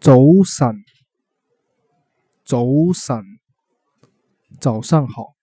早晨，早晨，早上好。